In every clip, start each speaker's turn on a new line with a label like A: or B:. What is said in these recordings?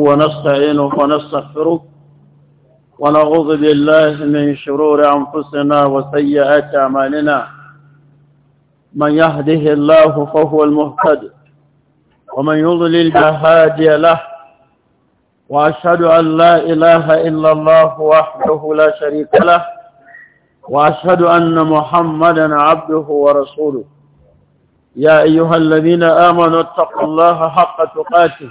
A: ونستعينه ونستغفره ونعوذ بالله من شرور أنفسنا وسيئات أعمالنا من يهده الله فهو المهتد ومن يضلل فهادي له وأشهد أن لا إله إلا الله وحده لا شريك له وأشهد أن محمدا عبده ورسوله يا أيها الذين آمنوا اتقوا الله حق تقاته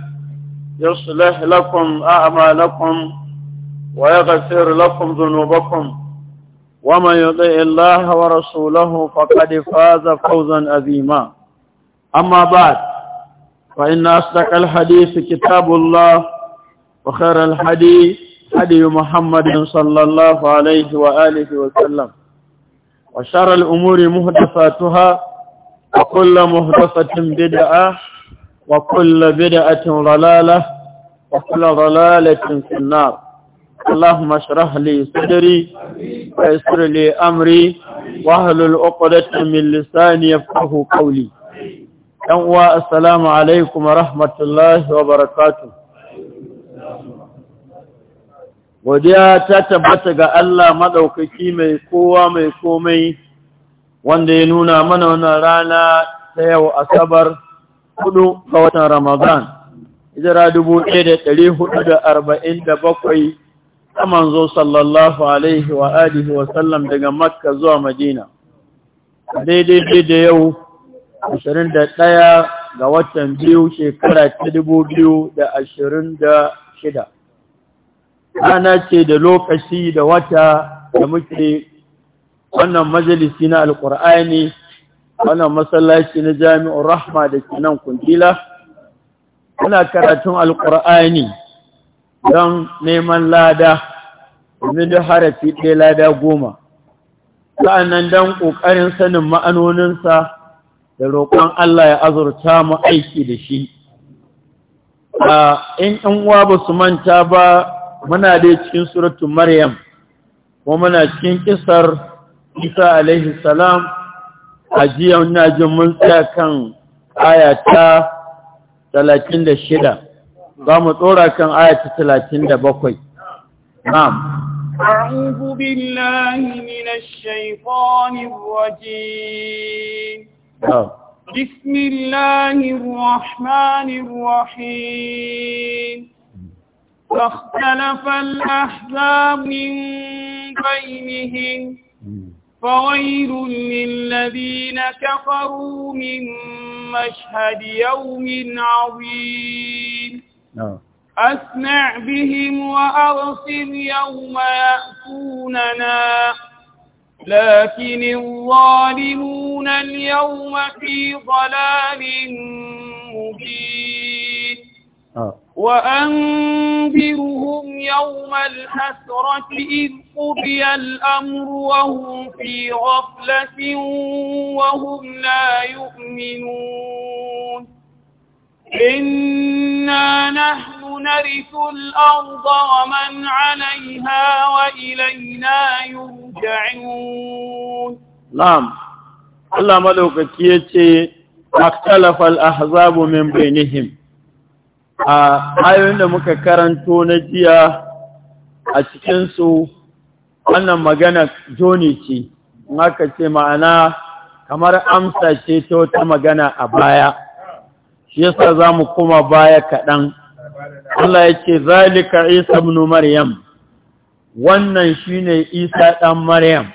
A: يصلح لكم أعمالكم ويغفر لكم ذنوبكم ومن يطع الله ورسوله فقد فاز فوزا عظيما أما بعد فإن أصدق الحديث كتاب الله وخير الحديث حدي محمد صلى الله عليه وآله وسلم وشر الأمور مهدفاتها وكل مهدفة بدعة وكل بدعة ضلالة وكل ضلالة في النار اللهم اشرح لي صدري ويسر لي أمري واهلل عقدة من لساني يفقه قولي يوى السلام عليكم ورحمة الله وبركاته godiya ta tabbata ga Allah maɗaukaki mai kowa mai komai wanda ya nuna mana wani rana ta yau asabar hudu ga watan Ramadan hijira dubu ɗaya da ɗari huɗu da arba'in da bakwai ta manzo sallallahu alaihi wa alihi wa sallam daga makka zuwa madina daidai da yau ashirin da ɗaya ga watan biyu shekara ta dubu biyu da ashirin da shida ana ce da lokaci da wata da muke wannan majalisi na alƙur'ani wannan masallaci na jami'ar rahma da ke nan kundila muna karatun alƙur'ani don neman lada domin da harafi ɗaya lada goma sa'annan don ƙoƙarin sanin ma'anoninsa da roƙon Allah ya azurta mu aiki da shi a in ɗan uwa ba su manta ba muna dai cikin suratu maryam ko muna cikin ƙisar isa alaihi salam a jiya na jin mun tsaya kan ayata talatin da shida za mu tsora kan ayata talatin da bakwai na'am
B: أعوذ بالله من الشيطان الرجيم بسم الله الرحمن الرحيم فاختلف الأحزاب من بينهم فويل للذين كفروا من مشهد يوم عظيم نعم. أسمع بهم وأرصر يوم يأتوننا لكن الظالمون اليوم في ضلال مبين آه. وأنذرهم يوم الحسرة إذ قضي الأمر وهم في غفلة وهم لا يؤمنون إنا نحن نرث الأرض ومن عليها وإلينا يرجعون
A: نعم الله ملوك كيتي
B: اختلف
A: الأحزاب من بينهم a ayoyin da muka karanto na jiya a cikinsu wannan magana joni ce aka ce ma'ana kamar amsa ce ta wata magana a baya shi yasa za mu kuma baya kaɗan Allah ya ce zalika isa bnu maryam wannan shi ne isa ɗan maryam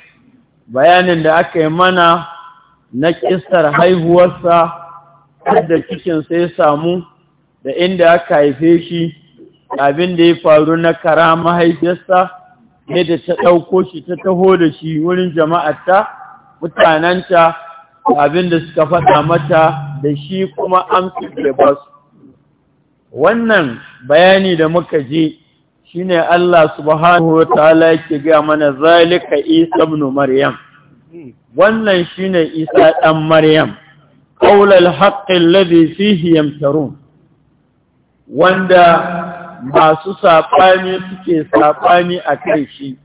A: bayanin da aka yi mana na ƙistar haihuwarsa da cikin ya samu da inda aka haife shi abin da ya faru na kara mahaifiyarsa yadda ta ɗauko shi ta taho da shi wurin jama'arta mutanenta abin da suka faɗa mata da shi kuma amsa da ba su wannan bayani da muka je shi ne Allah subhanahu Ta'ala yake ga mana zalika Isa ibn Maryam wannan shi ne Isa Ɗan Maryam ƙaular haƙƙin alladhi fihi yamtarun wanda masu saɓani suke saɓani a kai shi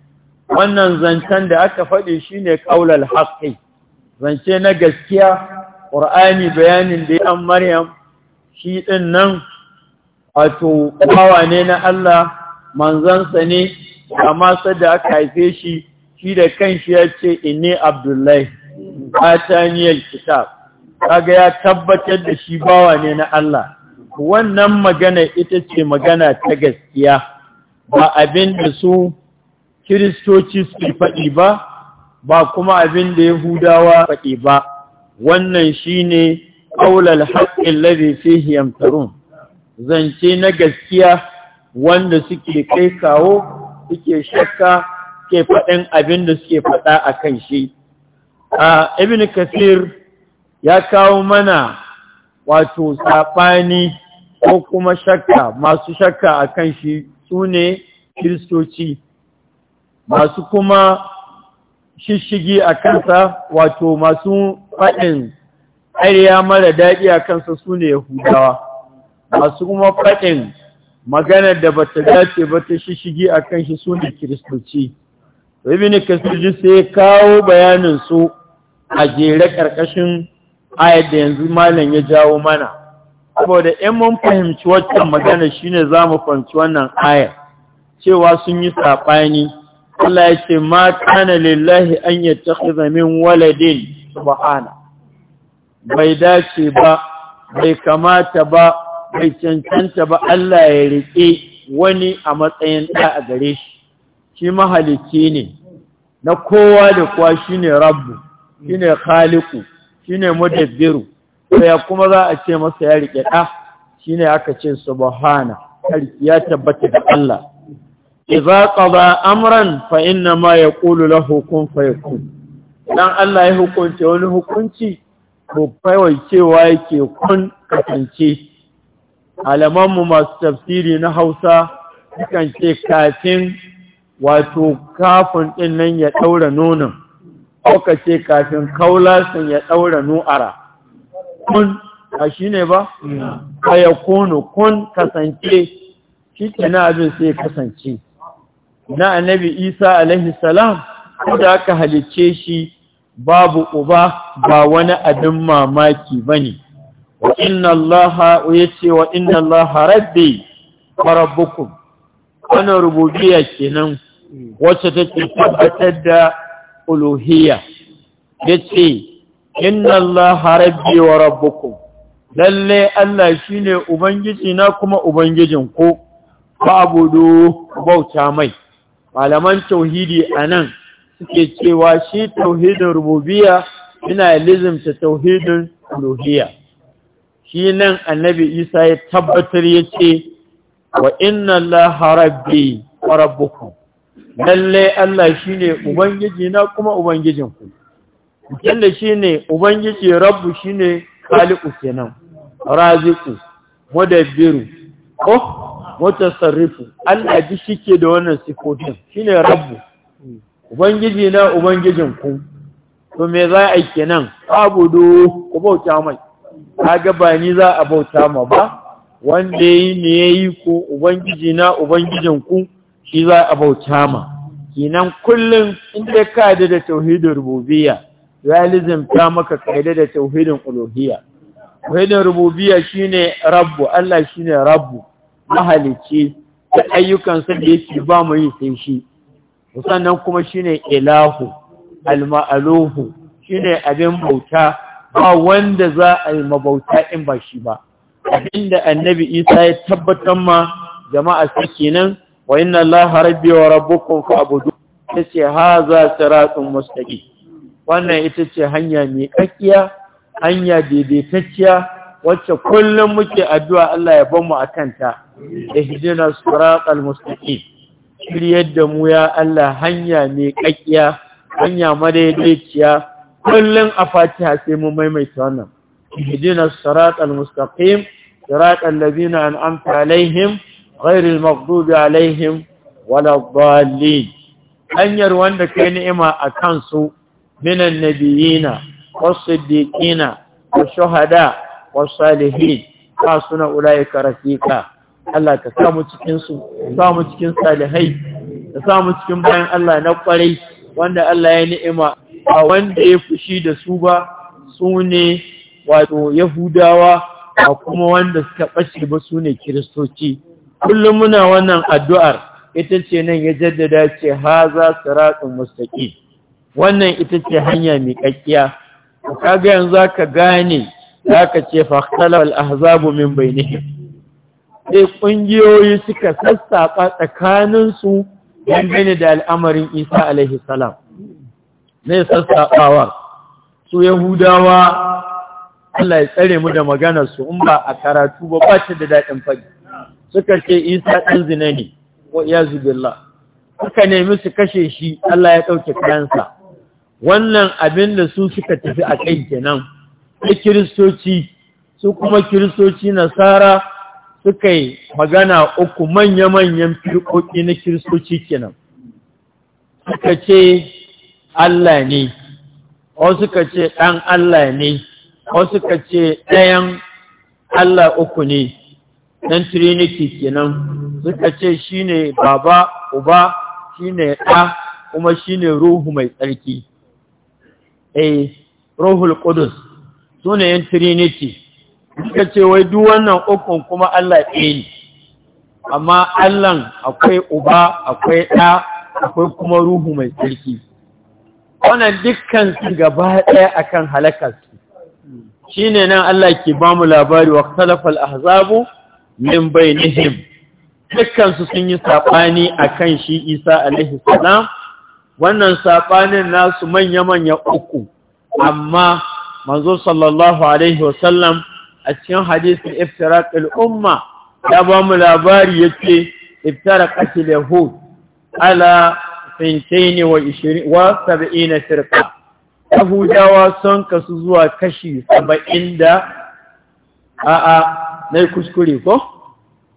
A: wannan zancen da aka faɗi shi ne ƙaular haƙƙi zance na gaskiya ƙur'ani bayanin da ya maryam shi ɗin nan wato bawa ne na Allah manzansa ne amma da aka haife shi shi da kanshi ya ce inni abdullahi niyar kitab kaga ya tabbatar da shi bawa ne na Allah wannan magana ita ce magana ta gaskiya ba abin da su kiristoci su faɗi ba ba kuma abin da ya yahudawa faɗi ba wannan shine ƙaular haƙƙin alladhi fihi hiyamtarun zance na gaskiya wanda suke kai kawo suke shakka ke faɗin abin da suke faɗa a kan shi a ibn kasir ya kawo mana wato saɓani ko kuma shakka masu shakka a kan shi su ne kiristoci masu kuma shishigi a kansa wato masu faɗin ƙariya mara daɗi a kansa su ne yahudawa masu kuma faɗin maganar da ba ta dace ba ta shishigi a kan shi su ne kiristoci ibn kasirji sai kawo bayanin su a jere ƙarƙashin ayat yanzu malam ya jawo mana saboda in mun fahimci waccan magana shine zamu fahimci wannan aya cewa sun yi saɓani. Allah ya ce ma kana lillahi an yattakhidha min waladin subhana bai dace ba bai kamata ba bai cancanta ba Allah ya riƙe wani a matsayin ɗa a gare shi shi mahalicci ne na kowa da kowa shine rabbu shine khaliqu shine mudabbiru to kuma za a ce masa ya riƙe ɗa shine aka ce subhana har ya tabbata da Allah Iza qada amran fa inna ma yaqulu lahu kun fayakun dan Allah ya hukunce wani hukunci ko kawai cewa yake kun kasance alamanmu masu tafsiri na Hausa sukan ce kafin wato kafin ɗin nan ya ɗaura nonon, ko ka ce kafin sun ya ɗaura nu'ara, kun a shi ne ba? Kaya kunu kun kasance shi ke na abin sai kasance na annabi isa alaihi salam da aka halicce shi babu uba ba wani abin mamaki ba ne wa inna allaha ya ce wa inna allaha rabbi wa rabbukum wannan rububiya kenan wacce take tabbatar da uluhiyya ce. inna Allah rabbi wa rabbukum lalle Allah shine ubangiji na kuma ubangijin ku abudu bauta mai malaman tauhidi anan suke cewa shi tauhidin rububiyya yana ta tauhidin uluhiyya shi nan annabi Isa ya tabbatar ya ce, wa inna Allah rabbi wa rabbukum lalle Allah shine ubangiji na kuma ubangijin ku shi ne, ubangiji rabbu shi shine khaliqu kenan Raziku, Madabiru, ko mutasarrifu Allah ji shi ke da wannan sikotin. Shi ne rabbu ubangiji na ubangijin ku to me za a yi kenan abudu ku bauta mai ta ba ni za a bauta ma ba wanda yi ne yayi ku ubangiji na ubangijin ku shi za a bauta ma kenan kullum inda ka da tauhidar rububiyya realism ta maka kaida da tauhidin uluhiyya tauhidin rububiyya shine rabbu Allah shine rabbu mahalici da ayyukan sa da yake ba mu yi sai shi sannan kuma shine ilahu alma'aluhu shine abin bauta ba wanda za a yi mabauta in ba shi ba abinda annabi Isa ya tabbatar ma jama'a su kenan wa inna allaha rabbi wa rabbukum fa'budu yace haza siratun mustaqim wannan ita ce hanya mai kakkiya hanya daidaitacciya wacce kullum muke addu'a Allah ya mu a kanta ihdina siratal mustaqim shiryar da mu ya Allah hanya mai kakkiya hanya madaidaiciya kullum a Fatiha sai mu maimaita wannan ihdina siratal mustaqim siratal an amta alaihim ghairil maghdubi alaihim wala dhalin hanyar wanda kai ni'ima a kansu mina nabiyina wa sidiqina wa shuhada wa salihin ba su na ulaye karafi ka Allah ka samu cikin salihai ka samu cikin bayan Allah na kwarai wanda Allah ya ni'ima a wanda ya fushi da su ba su ne wato yahudawa a kuma wanda suka ɓace ba su ne kiristoci kullum muna wannan addu’ar ita ce nan ya jaddada ce haza, za su wannan ita ce hanya mai Ka kaga yanzu ka gane ka ce fa khalal ahzabu min bainihim sai ƙungiyoyi suka sassafa tsakaninsu don gani da al'amarin Isa alaihi salam Zai sassafawa su yahudawa Allah ya tsare mu da maganar su in ba a karatu ba ba ta da daɗin fage suka ce Isa ɗan zina ne iya zubin la suka nemi su kashe shi Allah ya ɗauke kayansa wannan abin da su suka tafi a kai kenan da kiristoci su kuma kiristoci nasara suka yi magana uku manya-manyan firkoki na kiristoci kenan suka ce Allah ne wasu suka ce ɗan Allah ne wasu suka ce ɗayan Allah uku ne ɗan trinity kenan suka ce shine baba uba shine ɗa kuma shine ruhu mai tsarki eh ruhul qudus sune yan trinity suka ce wai duk wannan ukun kuma Allah ɗaya ne amma Allah akwai uba akwai ɗa akwai kuma ruhu mai tsarki wannan dukkan su gaba ɗaya akan halakar su shine nan Allah ke ba mu labari wa talafal ahzabu min bainihim dukkan su sun yi sabani akan shi Isa alaihi salam wannan saɓanin nasu manya-manya uku amma manzo sallallahu alaihi wasallam a cikin hadisin iftirak al'umma ya ba mu labari ya ce iftirak ake yahud ala fintaini wa saba'ina shirka yahudawa sun kasu zuwa kashi saba'in da a'a na kuskure ko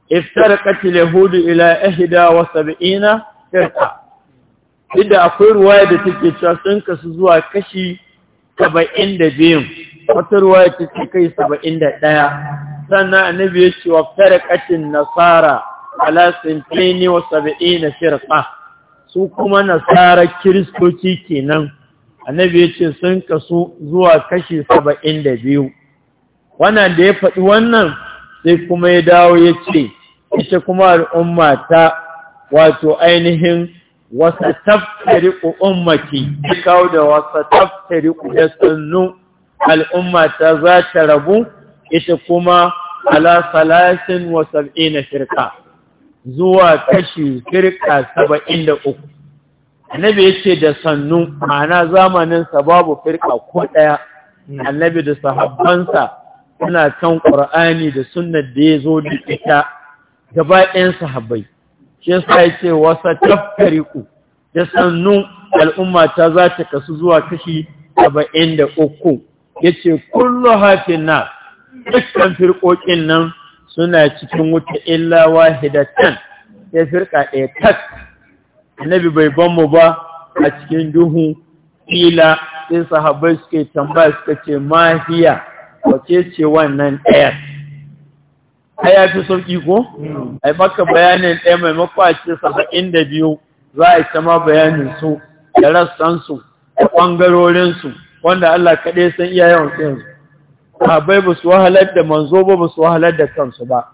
A: iftirak ake yahudu ila ahida wa saba'ina shirka inda akwai ruwaya da take cewa sun kasu zuwa kashi saba'in da biyun wata ruwaya ta ce kai saba'in sannan annabi ya ce wa farakatin nasara ala sintaini wa saba'ina shirqa su kuma nasara kiristoci kenan annabi ya ce sun kasu zuwa kashi saba'in wannan da ya faɗi wannan sai kuma ya dawo ya ce ita kuma al'umma ta wato ainihin wasa taftari ummaki kawo da wasa taftari da sunnu al'umma ta za ta rabu ita kuma ala salasin wa sab'ina firqa zuwa kashi firqa uku. annabi ya ce da sannu ma'ana zamanin sa babu firqa ko ɗaya. annabi da sahabbansa suna kan ƙur'ani da sunnar da yazo da ita gaba ɗayan sahabbai shi yasa yace wasa ku da sannu al'umma ta za ta kasu zuwa kashi 73 ce kullu hafi na dukkan firkokin nan suna cikin wuta illa wahidatan ya firka ɗaya tak annabi bai ban mu ba a cikin duhu fila, sai sahabai suke tambaya suka ce mahiya wace ce wannan ɗayar a ya fi sauƙi ko? a maka bayanin ɗaya mai a saba'in da biyu za a yi bayanin su da rassansu da ɓangarorinsu wanda Allah kaɗai san iya yawan yanzu abai ba su wahalar da manzo ba ba su wahalar da kansu ba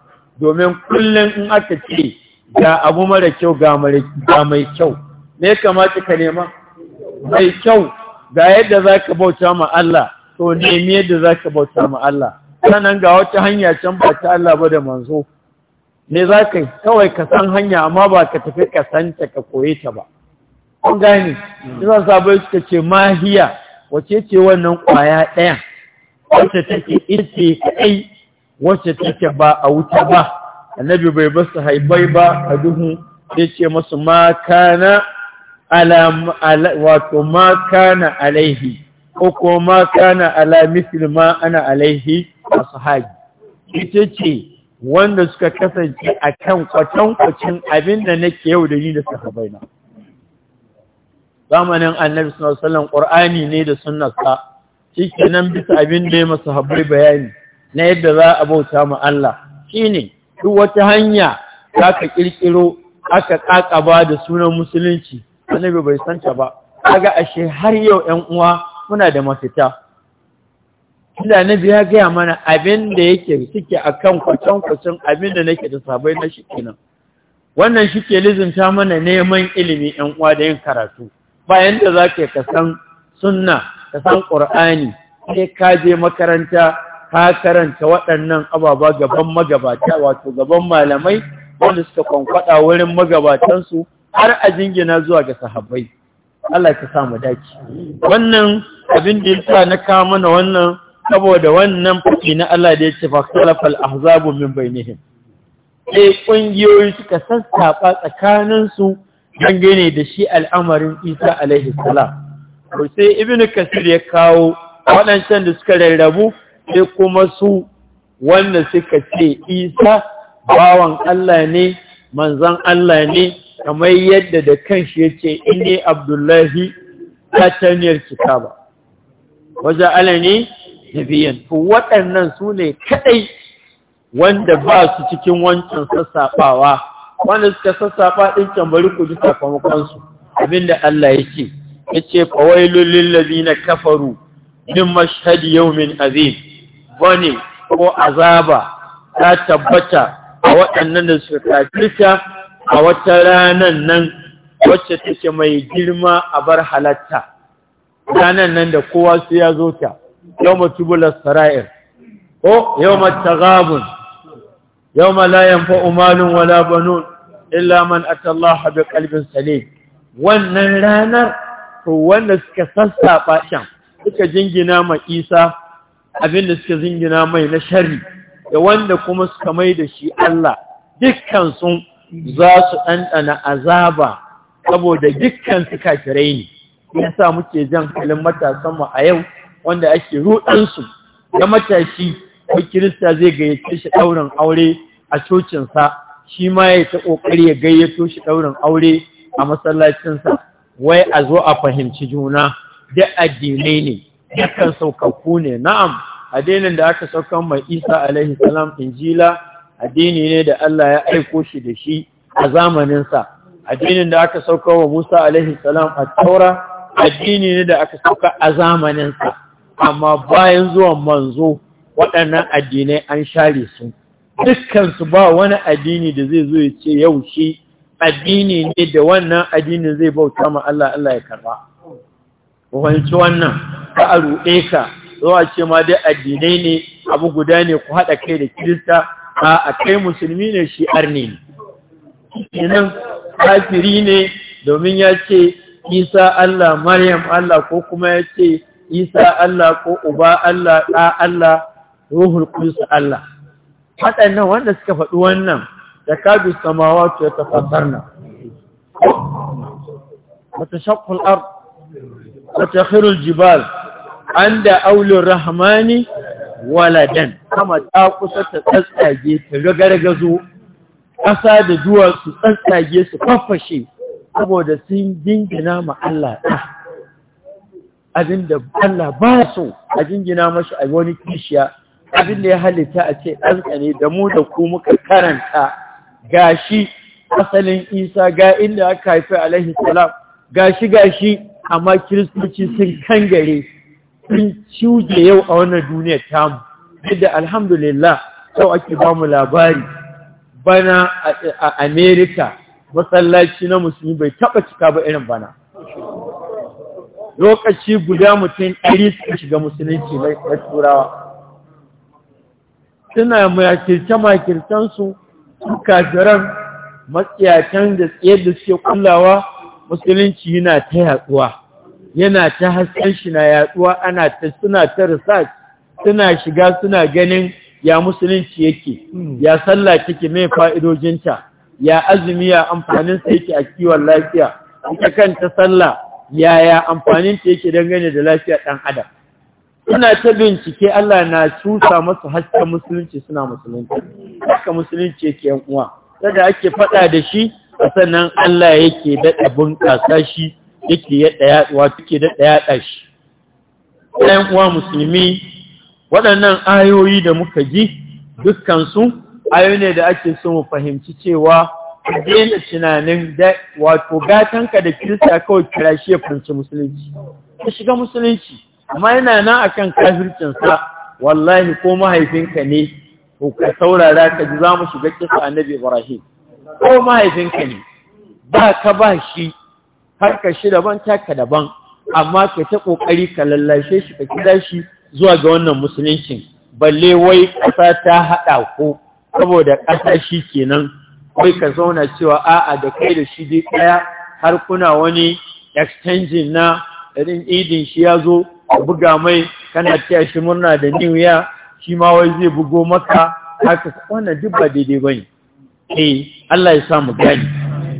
A: domin kullum in aka ce ga abu mara kyau ga mai kyau Me kamata ka nema mai kyau ga yadda za ka bauta ma Allah to nemi yadda za ka bauta ma Allah sannan ga wata hanya can ba ta Allah ba da manzo me za ka yi kawai ka san hanya amma ba ka tafi ka santa ka koye ta ba kun gane ina sabai suka ce mahiya wace ce wannan kwaya ɗaya wacce take ita kai wacce take ba a wuta ba annabi bai su haibai ba a duhu sai ce masu ma kana wato ma kana alaihi ko kuma ma ala mithli ma ana alaihi haji ita ce wanda suka kasance a kan kwatankwacin abin da nake yau da ni da suka na zamanin annabi suna salon ƙor'ani ne da sunnasa shi ke nan bisa abin da ya masu habai bayani na yadda za a bauta ma Allah shi ne duk wata hanya za ka ƙirƙiro aka ƙaƙaba da sunan musulunci annabi bai santa ba kaga ashe har yau 'yan uwa muna da mafita inda na biya gaya mana abin da yake suke a kan kwacan-kwacin abin da nake da sabai na shi kenan wannan shi ke lizinta mana neman ilimi ‘yan uwa da yin karatu bayan da za ke ka sunna kasan ƙur'ani sai ka je makaranta ka karanta waɗannan ababa gaban magabata wato gaban malamai wanda suka kwankwada wurin magabatansu har a jingina zuwa ga sahabbai Allah ka samu dace wannan abin da sa na kawo mana wannan saboda wannan fuki na Allah da ya ce fakhtalafal ahzabu min bainihim sai kungiyoyi suka sassafa tsakaninsu don dangane da shi al'amarin Isa alaihi salam to sai ibnu kasir ya kawo waɗancan da suka rarrabu sai kuma su wanda suka ce Isa bawan Allah ne manzon Allah ne kamar yadda da kanshi yace inni abdullahi ta taniyar kitaba wajen ne. shafiyan to waɗannan su ne kaɗai wanda ba su cikin wancan sassafawa wanda suka sassafa ɗin can bari ku ji sakamakonsu abinda Allah ya ce ya ce fawailun na kafaru min mashhadi min azim bane ko azaba ta tabbata a waɗannan da suka kafirta a wata ranan nan wacce take mai girma a bar halatta ranan nan da kowa su ya zo ta يوم تبل السرائر أو يوم التغابن يوم لا ينفع مال ولا بنون إلا من أتى الله بقلب سليم wannan ranar wanda suka sassaɓa shan suka jingina ma isa abinda suka jingina mai na shari da wanda kuma suka mai da shi Allah dukkansu za su ɗanɗana azaba saboda dukkan su kafirai ne yasa muke jan halin matasanmu a yau wanda ake rudansu da matashi ko kirista zai gayyace shi ɗaurin aure a cocinsa shi ma ya ta ƙoƙari ya gayyato shi ɗaurin aure a masallacinsa wai a zo a fahimci juna da addinai ne yakan saukakku ne na'am addinin da aka saukan mai isa alaihi salam injila addini ne da Allah ya aiko shi da shi a zamaninsa addinin da aka sauka wa musa alaihi salam a taura addini ne da aka sauka a zamaninsa amma bayan zuwan manzo waɗannan addinai an share su dukkansu ba wani addini da zai zo ya ce yau shi addini ne da wannan addinin zai bauta ma Allah Allah ya karba wanci wannan ka a ruɗe ka zuwa ce ma dai addinai ne abu guda ne ku haɗa kai da kirista a kai musulmi ne shi arni ne kafiri ne domin ya ce isa Allah maryam Allah ko kuma ya ce isa Allah ko uba Allah ɗa Allah ruhul kudus Allah waɗannan wanda suka faɗi wannan da samawa ce ta fasarna wata shakkul ar wata jibal an da aulun rahmani waladan kama ta kusa ta tsatsage ta gargazo ƙasa da duwatsu tsatsage su kafashe saboda sun jingina ma Allah ɗaya Abin da Allah ba so a jingina mashi a wani kishiya abin da ya halitta a ce ɗansa ne da mu da ku muka karanta Ga shi asalin isa ga inda aka haifi alaihi salam Ga shi-ga shi amma kiristoci sun kangare sun cuje yau a wannan duniyar tamu yadda alhamdulillah yau ake ba mu labari bana a amerika masallaci na musulmi bai taɓa cika ba irin bana lokaci guda mutum ɗari suka shiga musulunci na turawa suna makirce-makircensu su kajiran matsiyacen da tsaye da suke kullawa musulunci yana ta yatsuwa yana ta hasken shi na yatsuwa ana ta suna ta research suna shiga suna ganin ya musulunci yake ya sallah take mai fa'idojinta ya azumi ya amfaninsa yake a kiwon lafiya ita ta sallah yaya amfanin ta yake dangane da lafiya ɗan adam suna ta bincike Allah na cusa masu hasken musulunci suna musulunci haka musulunci yake yan uwa sada ake faɗa da shi a sannan Allah yake daɗa bunƙasa shi yake ya yaɗuwa take daɗa shi ɗan uwa musulmi waɗannan ayoyi da muka ji dukkansu ayoyi ne da ake so mu fahimci cewa ka daina tunanin wato gatanka da kirista kawai kira shi ya fanci musulunci ka shiga musulunci amma yana nan a akan kafircinsa wallahi ko mahaifinka ne ko ka saurara ka ji za mu shiga kisa annabi ibrahim ko mahaifinka ne ba ka ba shi har ka shi daban taka daban amma ka ta kokari ka lallashe shi ka kira shi zuwa ga wannan musuluncin balle wai ƙasa ta haɗa ko saboda ƙasa shi kenan wai ka zauna cewa a'a da kai da shi dai ɗaya har kuna wani extension na irin idin shi ya zo a buga mai kana taya shi murna da new year shi ma wai zai bugo maka haka wannan duk ba daidai ba ne eh Allah ya samu gani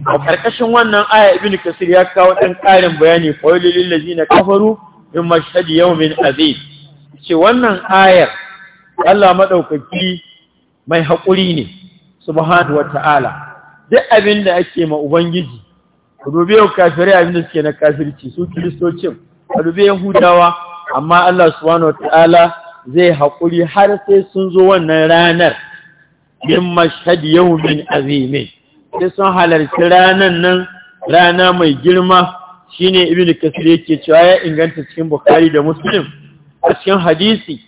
A: a karkashin wannan aya ibnu kasir ya kawo ɗan ƙarin bayani qaulil lil ladina kafaru min mashhad yawmin azim ce wannan ayar Allah madaukaki mai haƙuri ne subhanahu wata'ala duk abin da ake ma ubangiji rubi yau kafirai abin da suke na kafirci su kiristocin rubi dubi hudawa, amma Allah subhanahu wata'ala zai haƙuri har sai sun zo wannan ranar min mashhad yawmin azimin sai sun halarci ranan nan rana mai girma shine ibnu kasir yake cewa ya inganta cikin bukhari da muslim a cikin hadisi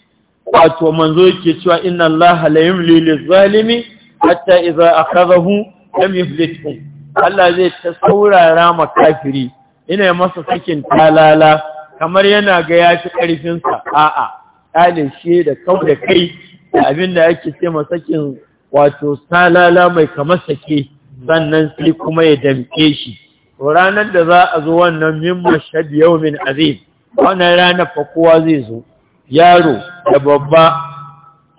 A: wato manzo yake cewa inna allaha la yumli lizalimi hatta idza akhadahu lam yuflithu Allah zai ta saurara ma kafiri ina masa sakin talala kamar yana ga ya fi karfin sa a'a dalin shi da kau da kai da abinda ake ce ma sakin wato talala mai kamar sake sannan sai kuma ya damke shi ranar da za a zo wannan min mashhad yawmin azim wannan ranar fa kowa zai zo yaro da babba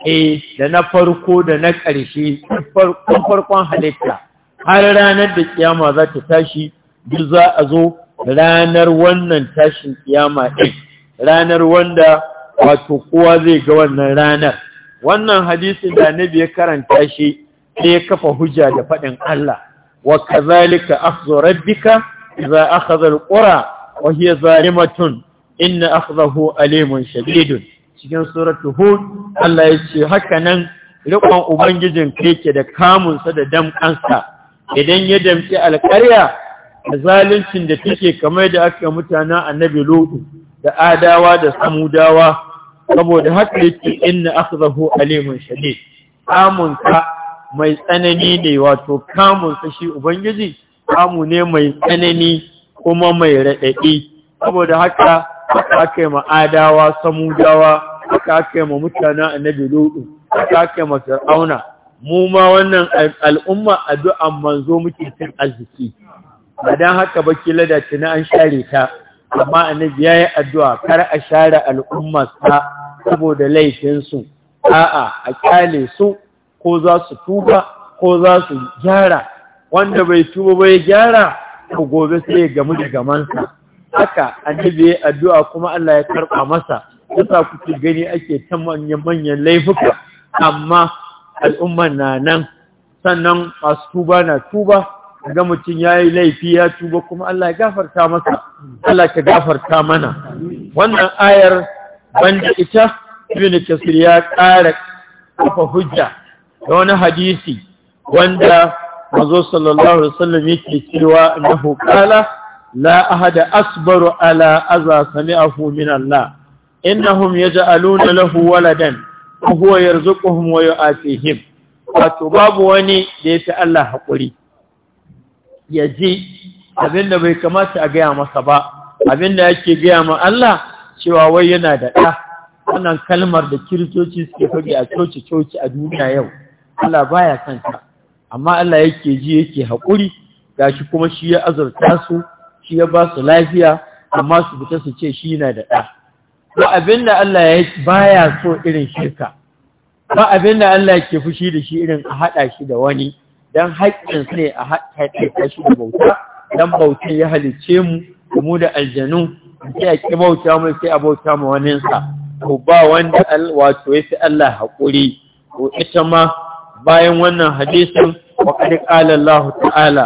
A: eh da na farko da na ƙarshe farkon farkon halitta har ranar da kiyama za ta tashi duk za a zo ranar wannan tashin kiyama ɗin ranar wanda wato kowa zai ga wannan ranar wannan hadisin da Nabi ya karanta shi sai ya kafa hujja da faɗin Allah wa kazalika akhdhu rabbika idza akhadha alqura wa hiya zalimatun inna akhdahu alimun shadidun cikin suratu hud Allah ya ce haka nan riƙon ubangijin kake da kamunsa da damƙansa idan ya damƙi alƙarya da zaluncin da take kamar da aka mutana annabi lutu da adawa da samudawa saboda haka yake inna akhdahu alimun shadid kamunsa mai tsanani ne wato kamunsa shi ubangiji kamu ne mai tsanani kuma mai raɗaɗi saboda haka aka yi ma'adawa samudawa Ka aka ake ma mutanen annabi lutu haka aka ake ma fir'auna mu ma wannan al'umma addu'an manzo muke cin arziki Idan haka ba ki lada an share ta amma annabi yayi addu'a kar a share al'umma sa saboda laifin su a'a a kyale su ko za su tuba ko za su gyara wanda bai tuba bai gyara ko gobe sai ya gamu da gamansa haka annabi yayi addu'a kuma Allah ya karba masa yasa kuke gani ake ta manyan laifuka amma al'umman na nan sannan masu tuba na tuba ga mutum ya yi laifi ya tuba kuma Allah ya gafarta masa Allah ka gafarta mana wannan ayar banda ita ibn kasir ya ƙara kafa hujja da wani hadisi wanda manzo sallallahu alaihi wasallam yake cewa na qala la ahada asbaru ala aza sami'ahu min Allah innahum yaj'aluna lahu waladan wa huwa yarzuquhum wa yu'atihim wato babu wani da yafi Allah hakuri ya abinda bai kamata a gaya masa ba abinda yake gaya ma Allah cewa wai yana da ɗa wannan kalmar da kiristoci suke faɗi a coci-coci a duniya yau Allah baya son ta amma Allah yake ji yake haƙuri gashi kuma shi ya azurta su shi ya ba su lafiya amma su fita su ce shi yana da ɗa ko abin da Allah ya baya so irin shirka ba abin da Allah ke fushi da shi irin a haɗa shi da wani don haƙƙinsa ne a haɗa shi da bauta don bauta ya halicce mu mu da aljanu sai a ƙi bauta mu sai a bauta mu waninsa ko ba wanda wato ya fi Allah haƙuri ko ita ma bayan wannan hadisin wa qad qala Allah ta'ala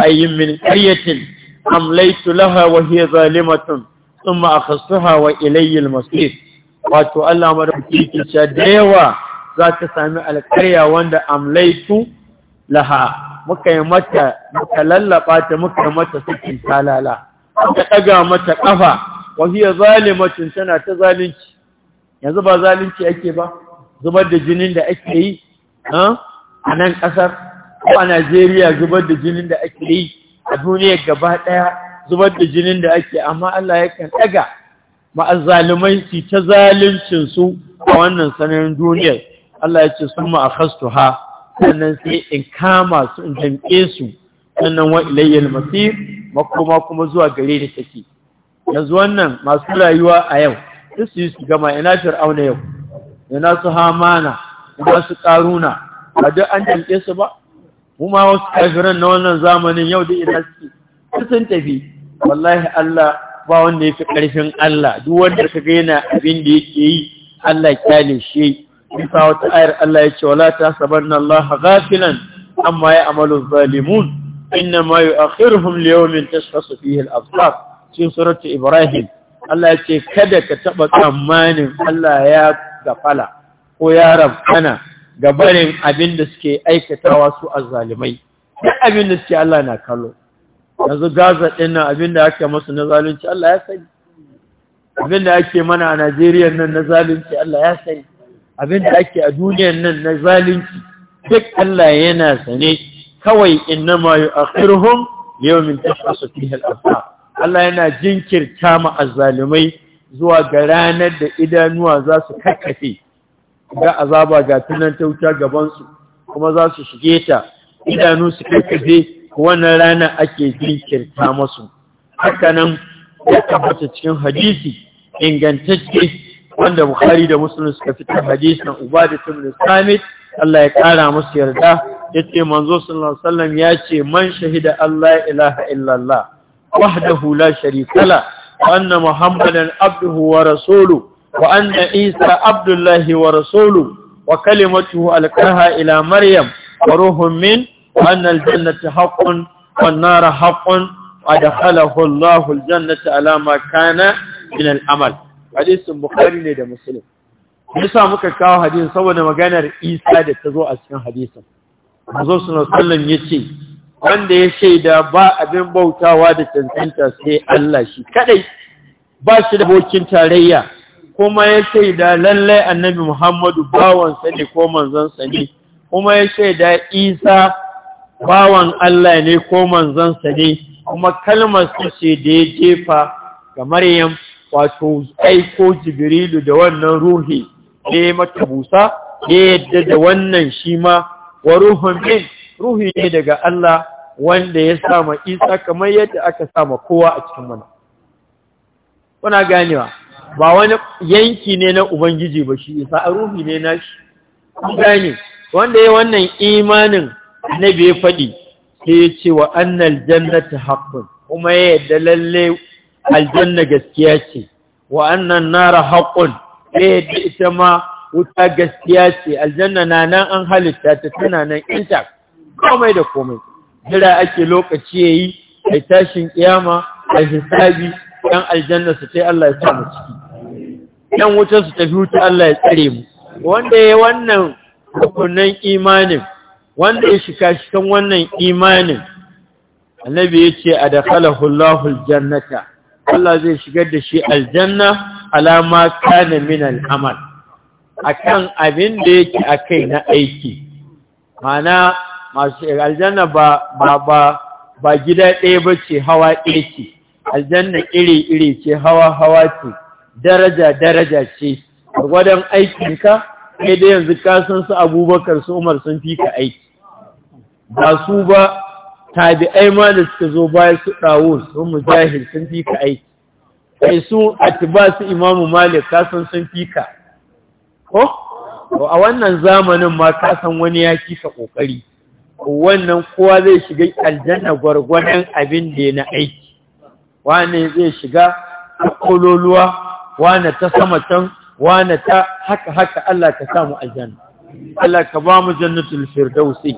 A: ayyin min qaryatin amlaytu laha wa hiya zalimatun thumma akhassaha wa ilayya masu wato Allah madaukaki yake da yawa za ta sami alƙarya wanda amlaitu laha muka yi mata muka lallaba ta muka mata sakin talala muka ɗaga mata kafa wa hiya zalimatun tana ta zalunci yanzu ba zalunci ake ba zubar da jinin da ake yi a nan ƙasar? ko a Najeriya zubar da jinin da ake yi a duniya gaba ɗaya zubar da jinin da ake amma Allah yakan daga ma'azzalumai su ta zaluncin su a wannan sanarin duniyar Allah ya ce sun ma'akastu ha sannan sai in kama su in jamke su sannan wa ilayyar masir makoma kuma zuwa gare da take yanzu wannan masu rayuwa a yau duk su yi su gama ina fir'auna yau ina su hamana ina su karuna ba duk an jamke su ba kuma wasu kafiran na wannan zamanin yau da ina suke sun tafi wallahi Allah ba wanda yafi ƙarfin Allah duk wanda ka gaina yana abin da yake yi Allah kyale shi bisa wata ayar Allah ya ce wala tasabanna Allah ghafilan amma ya amalu zalimun innama yu'akhiruhum liyawmin tashkhasu fihi al-absar cikin suratu Ibrahim Allah ya ce kada ka taba tsammanin Allah ya gafala ko ya ga gabarin abin da suke aikatawa su azzalimai duk abin da suke Allah na kallo yanzu gaza ɗin nan abinda ake masu na zalunci Allah ya sani abinda ake mana a Najeriya nan na zalunci Allah ya sani abinda ake a duniya nan na zalunci duk Allah yana sane kawai innama yau min tashasu fihi al-absar Allah yana jinkirta ma azzalimai zuwa ga ranar da idanuwa za su kakkafe ga azaba ga tunan ta gaban su kuma za su shige ta idanu su kakkafe wannan rana ake jinkirta masu hakanan ya tabbata cikin hadisi ingantacce wanda Bukhari da Muslim suka fitar hadisin Ubadah da Samit Allah ya kara musu yarda ce manzo sallallahu alaihi ya yace man shahida Allah ilaha illallah wahdahu la sharika wa anna muhammadan abduhu wa wa anna isa abdullahi wa rasulu wa kalimatuhu alqaha ila maryam wa ruhun min أن الجنة حق والنار حق ودخله الله الجنة على ما كان من العمل حديث البخاري لدى مسلم yasa muka kawo hadisin saboda maganar Isa da ta zo a cikin hadisin Manzo sallallahu alaihi wasallam yace wanda ya shaida ba abin bautawa da cancanta sai Allah shi kadai ba shi da bokin tarayya kuma ya shaida lallai annabi Muhammadu bawansa ne ko manzonsa ne kuma ya shaida Isa bawan Allah ne ko manzansa ne kuma kalmar su ce da ya jefa ga Maryam wato aiko Jibrilu da wannan ruhi ne mata busa ne yadda da wannan shi ma wa ruhun min ruhi ne daga Allah wanda ya sama Isa kamar yadda aka sama kowa a cikin mana kuna ganewa ba wani yanki ne na Ubangiji ba shi Isa ruhi ne na shi gane wanda ya wannan imanin annabi ya faɗi sai ya ce wa annal jannatu haqqun kuma ya yadda lalle aljanna gaskiya ce wa annan nara haqqun ya yadda ita ma wuta gaskiya ce aljanna na nan an halitta ta tana nan inta? komai da komai jira ake lokaci ya yi ai tashin kiyama a hisabi yan aljanna su sai Allah ya sa ciki yan wutar su tafi wuta Allah ya tsare mu wanda ya wannan rukunin imanin wanda ya shika cikin wannan imanin annabi ya ce a dakala falahullahu jannata Allah zai shigar da shi aljanna alama kana min al'amal akan abin da yake kai na aiki mana masu aljanna ba gida ɗaya ba ce hawa ɗaya ce aljanna iri-iri ce hawa-hawa ce daraja-daraja ce gwadon aikinka sai da yanzu kasan su abubakar su umar sun fi ka aiki ba su ba tabi'ai ma da suka zo baya su ɗawo su mujahid sun fi ka aiki kai su atiba su imamu malik ka san sun fi ka ko a wannan zamanin ma ka san wani ya ki ka kokari wannan kowa zai shiga aljanna gwargwadon abin da ya na aiki wane zai shiga kololuwa wane ta sama can wane ta haka haka Allah ka samu aljanna Allah ka ba mu jannatul firdausi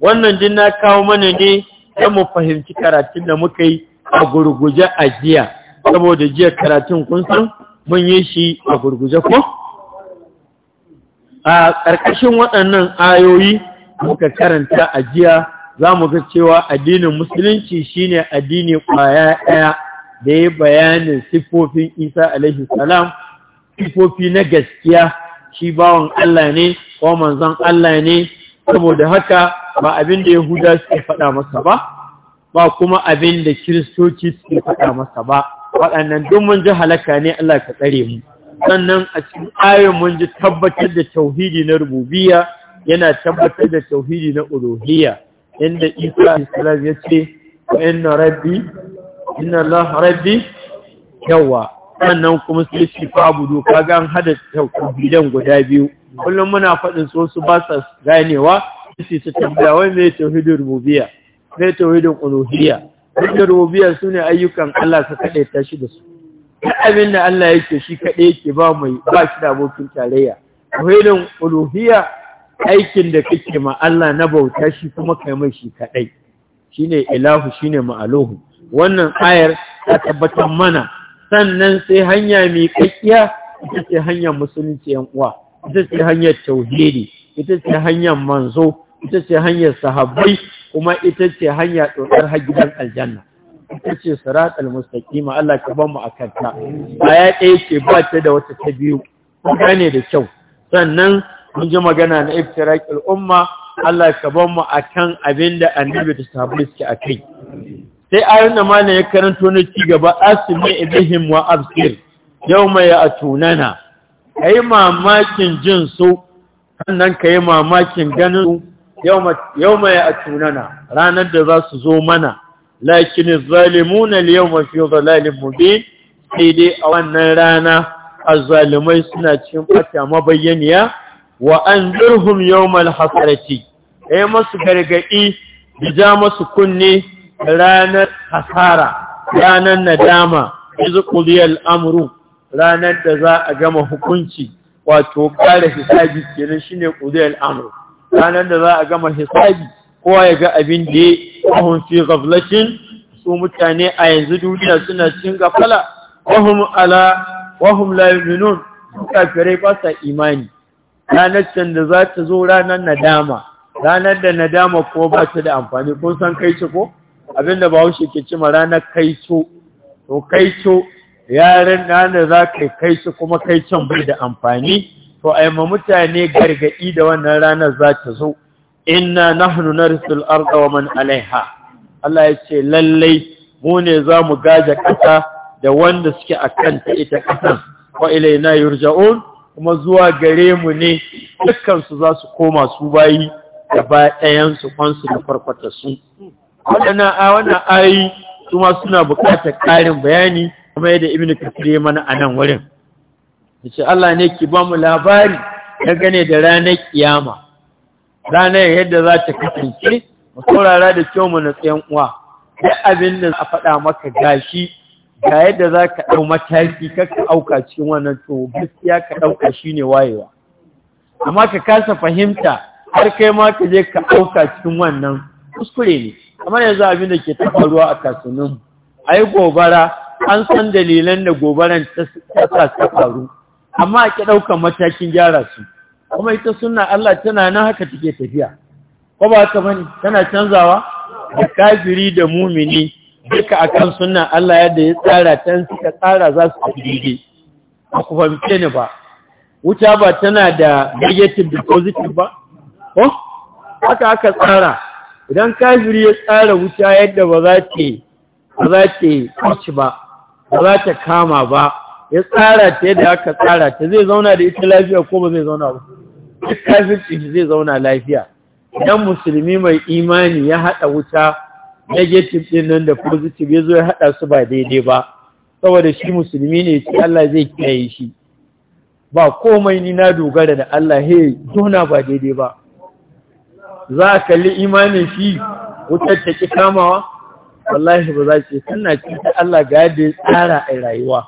A: wannan din na kawo mana ne don mu fahimci karatun da muka yi a gurguje a jiya saboda jiya karatun kun san mun yi shi a gurguje ko a ƙarƙashin waɗannan ayoyi muka karanta a jiya za mu ga cewa addinin musulunci shine addini ƙwaya ɗaya da ya bayanin siffofin isa alaihi salam siffofi na gaskiya shi bawan Allah ne ko manzon Allah ne saboda haka ba abin da yahuda suke faɗa masa ba ba kuma abin da kiristoci suke faɗa masa ba waɗannan duk mun ji halaka ne Allah ka tsare mu sannan a cikin ayon mun ji tabbatar da tauhidi na Rububiya yana tabbatar da tauhidi na uruhiya inda Isa islam ya ce wa inna rabbi inna sannan kuma sai shi fa budu kaga an hada tauhidan guda biyu kullum muna faɗin su wasu ba sa ganewa su ta tambaya wai mai tauhidin rububiyya mai tauhidin uluhiyya tauhidin su sune ayyukan Allah ka kaɗai ta shi da su duk abin da Allah yake shi kaɗai yake ba mai ba shi da abokin tarayya tauhidin uluhiyya aikin da kake ma Allah na bauta shi kuma kai mai shi kaɗai ne ilahu shi ne ma'aluhu wannan ayar ta tabbatar mana sannan sai hanya mai kakkiya ita ce hanyar musulunci yan uwa ita ce hanyar tauhidi ita ce hanyar manzo ita ce hanyar sahabbai kuma ita ce hanya dokar har aljanna ita ce siratal mustaqima Allah ka ba mu akan ta aya ɗaya ce ba ta da wata ta biyu kun gane da kyau sannan mun ji magana na iftiraqil umma Allah ka ba mu akan abinda annabi da sahabbai suke kai. sai ayoyin da malam ya karanto na ci gaba asmi ibihim wa absir yawma atunana ka yi mamakin jin su sannan ka yi mamakin ganin su yau mai a tunana ranar da za su zo mana lakin zalimuna yau mafi zalalin mube sai dai a wannan rana a zalimai suna cikin fata mabayyaniya wa an zurhum hasarci ka kai masu gargaɗi da ja masu kunne ranar hasara ranar nadama izqul amru ranar da za a gama hukunci wato kare hisabi kenan shine qudiyal amr ranar da za a gama hisabi kowa ya ga abin da ya fi ghaflatin su mutane a yanzu duniya suna cin gafala wahum ala wahum la yu'minun kafirai ba sa imani ranar can da za ta zo ranar nadama ranar da nadama ko ba ta da amfani kun san kai ce ko abinda ba haushe ke cima ranar kai to to kai to yaren nan da za ka kai shi kuma kai can bai da amfani to a yi mutane gargaɗi da wannan ranar za ta zo na nahnu na risul wa man alaiha Allah ya ce lallai mu ne za mu gaja ƙasa da wanda suke a ta ita ƙasan wa ilaina yurja'un kuma zuwa gare mu ne dukkansu za su koma su bayi da ɗayansu kwansu da farfata su waɗannan a wannan ayi kuma suna buƙatar ƙarin bayani kuma yadda ibnu kasir mana a nan wurin yace Allah ne ki bamu labari? na gane da ranar kiyama ranar yadda za ta kasance mu saurara da kyau mu na tsayan uwa duk abin da a faɗa maka gashi ga yadda za ka ɗau mataki kakka auka cikin wannan to gaskiya ka ɗauka shi ne wayewa amma ka kasa fahimta har kai ma ka je ka auka cikin wannan kuskure ne kamar yanzu abin da ke taɓa ruwa a kasuwanin a yi gobara an san dalilan da gobaran ta ta faru amma ki ɗaukar matakin gyara su kuma ita suna Allah tana nan haka take tafiya ko ba ka bani? tana canzawa da kafiri da mumini duka akan sunna Allah yadda ya tsara tan suka tsara za su tafi daidai ba ku ne ba wuta ba tana da negative da positive ba ko haka aka tsara idan kafiri ya tsara wuta yadda ba za ta ba za ta ba ba za ta kama ba ya tsara ta yadda aka tsara ta zai zauna da ita lafiya ko ba zai zauna ba duk kafirci zai zauna lafiya idan musulmi mai imani ya haɗa wuta negative ɗin nan da positive ya zo ya haɗa su ba daidai ba saboda shi musulmi ne ce Allah zai kiyaye shi ba komai ni na dogara da Allah he zauna ba daidai ba za a kalli imanin shi wutar ta ki kamawa wallahi ba za ce suna ce ta Allah ga ya tsara a rayuwa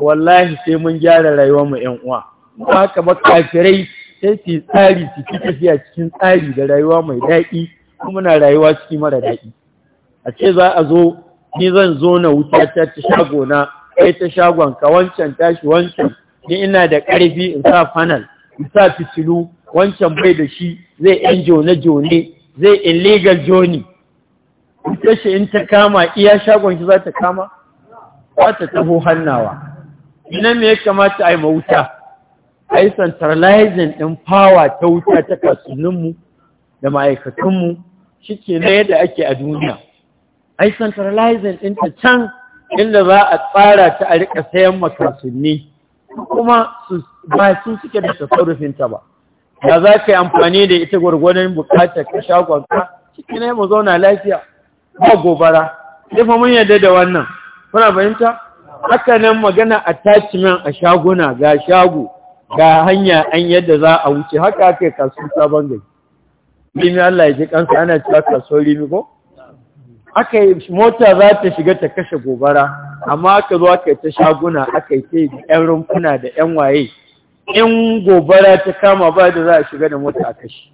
A: wallahi sai mun gyara rayuwa mu ƴan uwa ko haka ba kafirai sai su tsari su ci tafiya cikin tsari da rayuwa mai daɗi kuma na rayuwa ciki mara daɗi a ce za a zo ni zan zo na wuta ta ta shago na kai ta shagon ka wancan tashi wancan ni ina da ƙarfi in sa fanal in sa fitilu wancan bai da shi zai ɗan jone jone zai illegal journey ita in ta kama iya shagon shi za ta kama za ta taho hannawa ina me ya kamata a yi mawuta a yi centralizing ɗin fawa ta wuta ta kasuninmu da ma'aikatunmu shi ke na yadda ake a duniya a yi centralizing ɗin ta can inda za a tsara ta a rika sayan makasunni kuma ba su suke da tasarrufinta ba da za ka yi amfani da ita gwargwadon bukatar ka shagon ka cikin mu zauna lafiya ba gobara fa mun yarda da wannan kuna fahimta haka nan magana attachment a shaguna ga shago ga hanya an yadda za a wuce haka ake kasu sabon gari limi Allah ya ji kansa ana cewa kasuwar limi ko aka yi mota za ta shiga ta kashe gobara amma aka zo aka yi ta shaguna aka yi ta yi yan rumfuna da yan waye in gobara ta kama ba da za a shiga da mota a kashe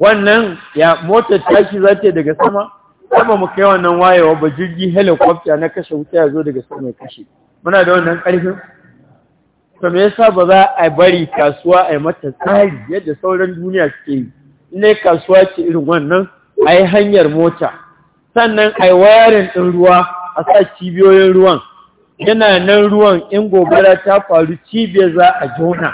A: wannan ya motar tashi za ta daga sama sama mu kai wannan wayewa ba jirgi helicopter na kashe wuta ya zo daga sama ya kashe muna da wannan ƙarfin to me yasa ba za a bari kasuwa a mata tsari yadda sauran duniya suke yi ne kasuwa ce irin wannan a yi hanyar mota sannan a yi wayarin ɗin ruwa a sa cibiyoyin ruwan yana nan ruwan in gobara ta faru cibiyar za a jona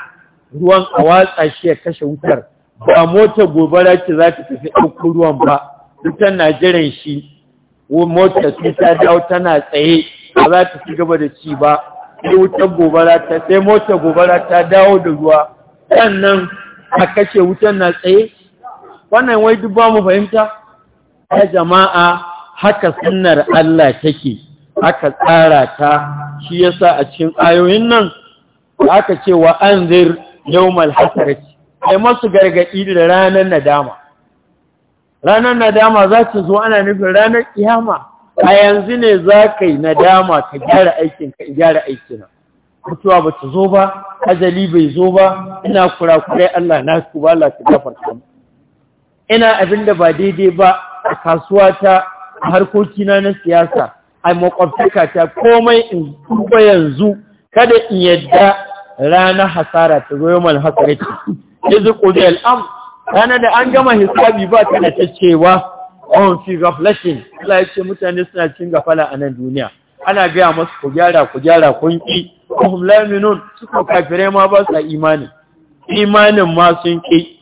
A: ruwan a watsa shi ya kashe wutar ba mota gobara ce za ta tafi ɗauko ruwan ba ita na jiran shi mota sun ta dawo tana tsaye ba za ta ci gaba da ci ba sai wutar gobara ta sai mota gobara ta dawo da ruwa sannan a kashe wutar na tsaye wannan wai duk ba mu fahimta ya jama'a haka sunnar Allah take aka tsara ta shi yasa a cikin ayoyin nan aka ce wa anzir yawmal hasarati ai masu gargaɗi da ranar nadama ranar nadama za ta zo ana nufin ranar kiyama a yanzu ne za ka yi nadama ka gyara aikin ka gyara aikina mutuwa ba ta zo ba ajali bai zo ba ina kurakurai Allah na su ba Allah ta gafar kama ina abin da ba daidai ba a kasuwa ta a harkokina na siyasa a makwabtaka ta komai in kuma yanzu kada in yadda ranar hasara ta zo yawan hasarci Yanzu qudal am ranar da an gama hisabi ba ta da tacewa on fi reflection Allah yake mutane suna cin gafala a nan duniya ana gaya masu ku gyara ku gyara kun ki hum laminun suka kafirai ma ba sa imani imanin ma sun ki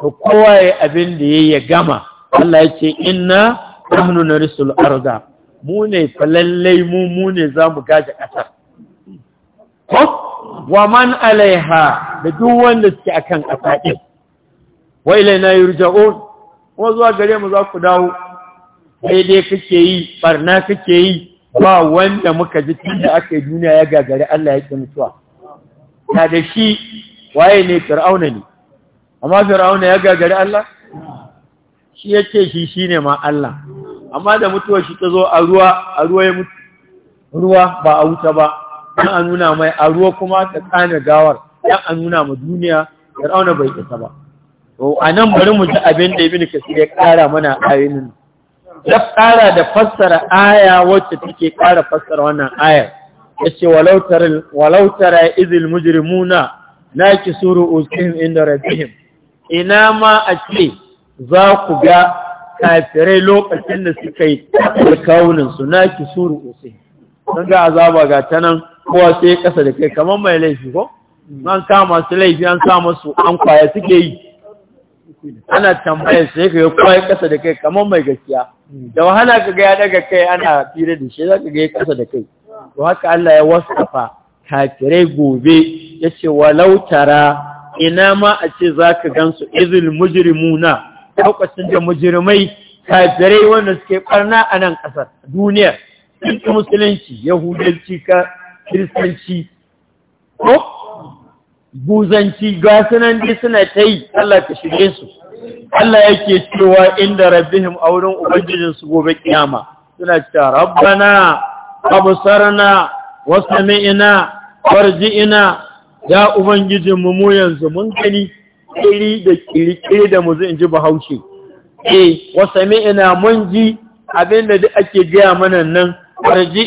A: to kowa ya abin da ya ya gama Allah ya ce inna nahnu narisul arda mu ne falallai mu mu ne zamu gaje kasar ko wa man alaiha da duk wanda suke akan ƙasa din wa ilaina yurja'un wa zuwa gare mu za ku dawo sai dai kake yi barna kake yi ba wanda muka ji tun da aka yi duniya ya gagari Allah ya ki mutuwa ta da shi waye ne fir'auna ne amma fir'auna ya gagari Allah shi ya ce shi shine ma Allah amma da mutuwa shi ta zo a ruwa a ruwa ya mutu ruwa ba a wuta ba don a nuna mai a ruwa kuma ta tsane gawar don a nuna ma duniya rauna bai isa ba to nan bari mu ji abin da ibnu kasir ya ƙara mana ayinin. ya kara da fassara aya wacce take ƙara fassara wannan ayar Ya yace walau izil walau tara na, ki suru usihim inda rabihim. ina ma a ce za ku ga kafirai lokacin da suka yi kaunin su na suru usihim sun ga azaba ga ta nan kowa sai ya kasa da kai kamar mai laifi ko an kama su laifi an sa masu an kwaya suke yi ana tambaya sai ka yi kowa ya kasa da kai kamar mai gaskiya da wahala ka gaya daga kai ana fira da shi za ka ga ya kasa da kai to haka Allah ya wasafa kafirai gobe ya ce walau tara ina ma a ce za ka gansu izil mujirimuna? lokacin da mujrimai kafirai wanda suke barna a nan ƙasar duniyar musulunci yahudanci ka kiristanci ko buzanci gasunan suna ta yi Allah ta shige su Allah yake cewa inda rabbihim a wurin ubangijinsu gobe kiyama suna cewa rabbana absarna wasami'na warji'na ya ubangijin mu mu yanzu mun gani kiri da kiri da mu zai ji bahaushe eh wasami'na mun ji abinda duk ake gaya mana nan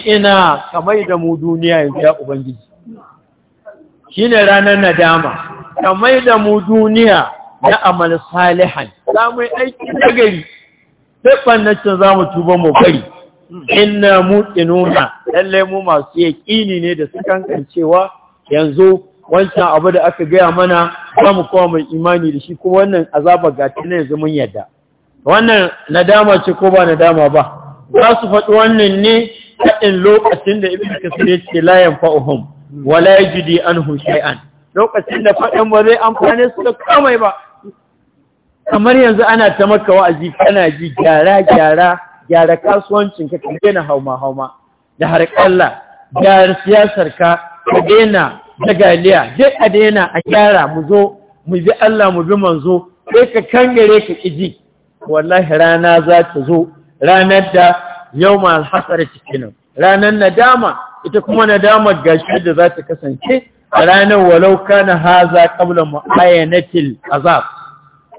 A: ina kamar da mu duniya yanzu ya ubangiji ne ranar nadama kamar da mu duniya na amal salihan za mu yi aiki nagari na cin za mu tuba mu bari Ina mu tsinuna lallai mu masu yaƙini ne da su kankancewa yanzu wancan abu da aka gaya mana za mu kowa mai imani da shi kuma wannan azaba ga na ne yanzu mun yadda wannan nadama ce ko ba nadama ba za su faɗi wannan ne haɗin lokacin da ibi kasir ya ce layan fa'uhum wala an anhu an. lokacin da faɗin ba zai amfani su da kamai ba kamar yanzu ana ta maka wa'azi kana ji gyara gyara gyara kasuwancin ka ka gina hauma hauma da harƙalla gyara siyasar ka ka daina dagaliya zai a daina a gyara mu zo mu bi Allah mu bi manzo sai ka kangare ka ƙiji wallahi rana za ta zo ranar da yau ma alhasar cikinan ranar nadama ita kuma nadamar gashi da za ta kasance a ranar walau kana haza qabla muayyanatil azab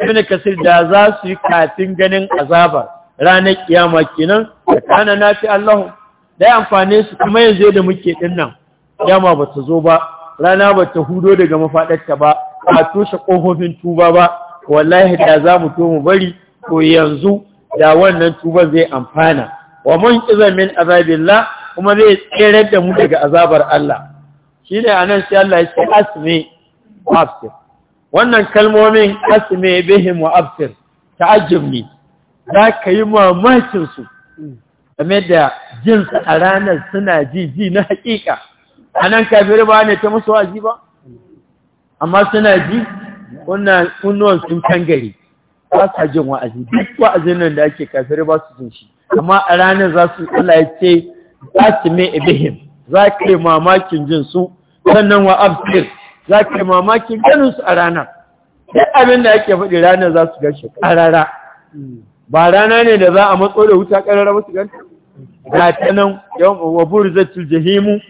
A: ibn kasir da za su yi kafin ganin azaba ranar kiyama kenan kana nafi Allahu, da amfane su kuma yanzu da muke dinnan kiyama ba ta zo ba rana ba ta hudo daga mafaɗarta ba a toshe ƙofofin tuba ba wallahi da za mu to mu bari ko yanzu da wannan tuba zai amfana wa mun iza min azabillah kuma zai tsere da mu daga azabar Allah shine anan sai Allah ya ce asmi absir wannan kalmomin asmi bihim wa absir ta'ajjub ne za ka yi mamakin su game da jin su a ranar suna ji ji na hakika anan kafiri ba ne ta musu waji ba amma suna ji kunnuwan sun kangare ba sa jin wa'azi duk wa'azin nan da ake kafirai ba su jin shi amma a ranar za su Allah ya ce za su mai ibihim za ka yi mamakin jin su sannan wa absir za ka yi mamakin ganin su a ranar duk abin da ake faɗi ranar za su gashi ƙarara ba rana ne da za a matso da wuta ƙarara ba su ganta ga ta nan wa burzatul jahimu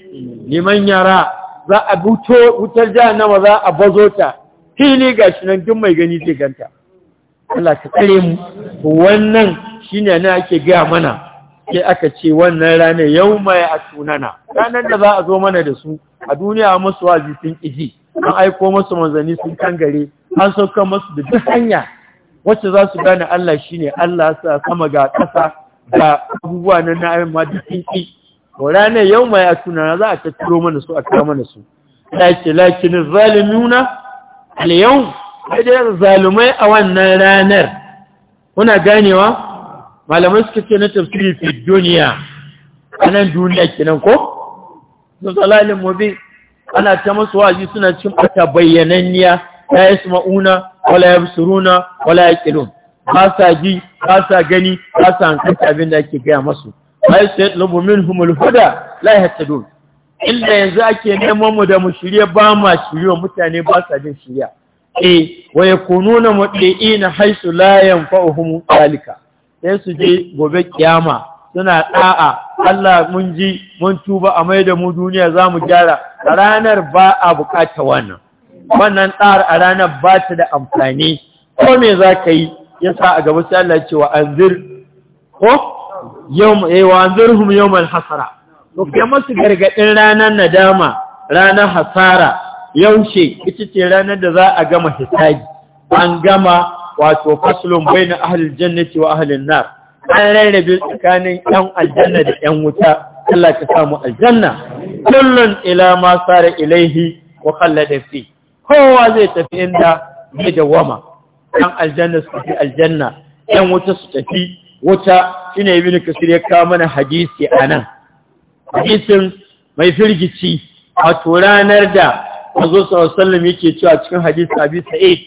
A: liman yara za a buto wutar nama za a bazo ta fili gashi nan duk mai gani zai ganta Allah ka tsare mu wannan shine ne ake gaya mana sai aka ce wannan ranar yau mai a tunana ranar da za a zo mana da su a duniya masu wazi sun ƙiji an aiko masu manzanni sun kangare an sauka masu da duk hanya wacce za su gane Allah shi ne Allah sa sama ga ƙasa ga abubuwa na na'ayin ma duk sun ƙi ranar yau mai a tunana za a tattaro mana su a kama mana su lakin lakinin zalimuna al yau daidai zalumai a wannan ranar kuna ganewa malamai suka ce na tafsiri fi duniya a nan duniya nan ko sun zalalin mobi ana ta masu wazi suna cin ata bayyananniya ya yi su ma'una wala ya suruna wala ya kirun ba sa ji ba sa gani ba sa hankali abin da ake gaya masu ba yi sayar lubu min humul huda la ya hatta inda yanzu ake neman mu da mu shirya ba ma shirya mutane ba sa jin shirya eh wa yakununa na haisu layan fa'uhun zalika sai su je gobe kiyama suna ɗa'a Allah mun ji mun tuba a mai da mu duniya za mu gyara A ranar ba a bukata wannan wannan tsar a ranar ba ta da amfani ko me za ka yi ya sa a gaba sai Allah cewa anzir ko yau eh hasara to kai masu gargadin ranar nadama ranar hasara yaushe ita ce ranar da za a gama hisabi an gama wato faslun baina ahlil jannati wa ahlin nar an rarrabe tsakanin yan aljanna da yan wuta Allah ka samu aljanna kullun ila ma sara ilaihi wa khallada fi kowa zai tafi inda zai dawama yan aljanna su tafi aljanna yan wuta su tafi wuta shine ibn kasir ya kawo mana hadisi a anan hadisin mai firgici wato ranar da manzo sallallahu alaihi yake cewa cikin hadisi abi sa'id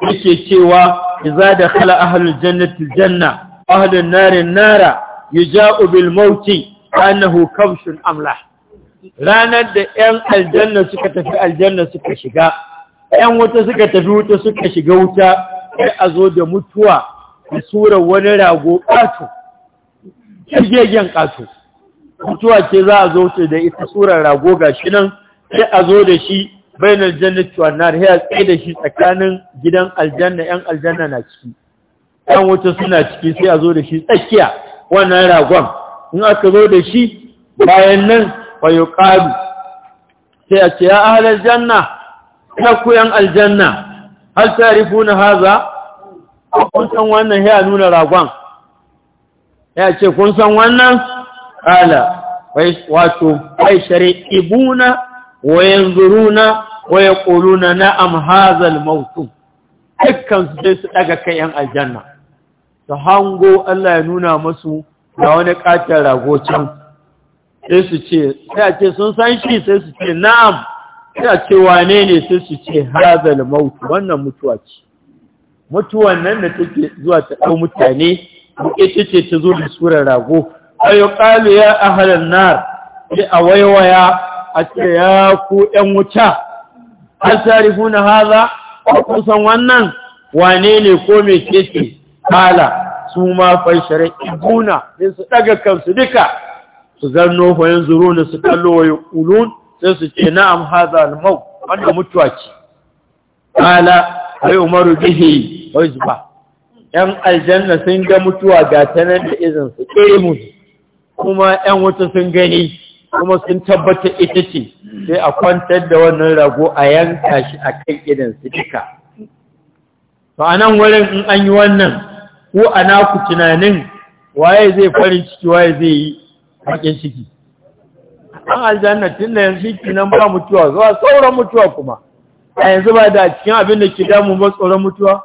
A: yake cewa idza dakhala ahlul jannati janna ahlun nari nara yuja'u bil mauti annahu kamshun amlah ranar da ƴan aljanna suka tafi aljanna suka shiga ƴan wuta suka tafi wuta suka shiga wuta sai a zo da mutuwa da surar wani rago ƙato jirgin ƙato mutuwa ce za a zo ce da ita surar rago gashi nan sai a zo da shi bainar jannati wa nar ya tsaye shi tsakanin gidan aljanna yan aljanna na ciki yan wuta suna ciki sai azo zo da shi tsakiya wannan ragon in aka zo da shi bayan nan wa yuqalu sai a ce ya ahli janna na ku yan aljanna hal tarifuna haza kun san wannan ya nuna ragon ya ce kun san wannan ala wato ai shari'ibuna wa yanzuruna na'am hadha al-mawt su sai su daga kai yan aljanna su hango Allah ya nuna musu da wani katar rago can sai su ce sai a ce sun san shi sai su ce na'am sai a ce wane ne sai su ce hazal al wannan mutuwa ce mutuwan nan da take zuwa ta dau mutane ita ce ta zo da surar rago ayyukalu ya ahlan nar sai a waiwaya a ya ku ‘yan wuta, an tari na haza, kusan wannan wane ne ko mai keke kala su ma fashirar ibuna ne su ɗaga kansu duka su zanno yin zuru ne su kallo wa ulun sai su ce na'am haza almau wanda mutuwa ce kala ai umaru bihi zuba ‘yan aljanna sun ga mutuwa ga tanar da izinsu. su kuma ‘yan wuta sun gani kuma sun tabbatar ita ce sai a kwantar da wannan rago a yanka shi a kan idan su cika. to a nan wurin in an yi wannan ko a naku tunanin waye zai farin ciki waye zai yi haƙin ciki an aljanna tun da yanzu nan ba mutuwa zuwa tsoron mutuwa kuma a yanzu ba da cikin abin da ke damu ba tsoron mutuwa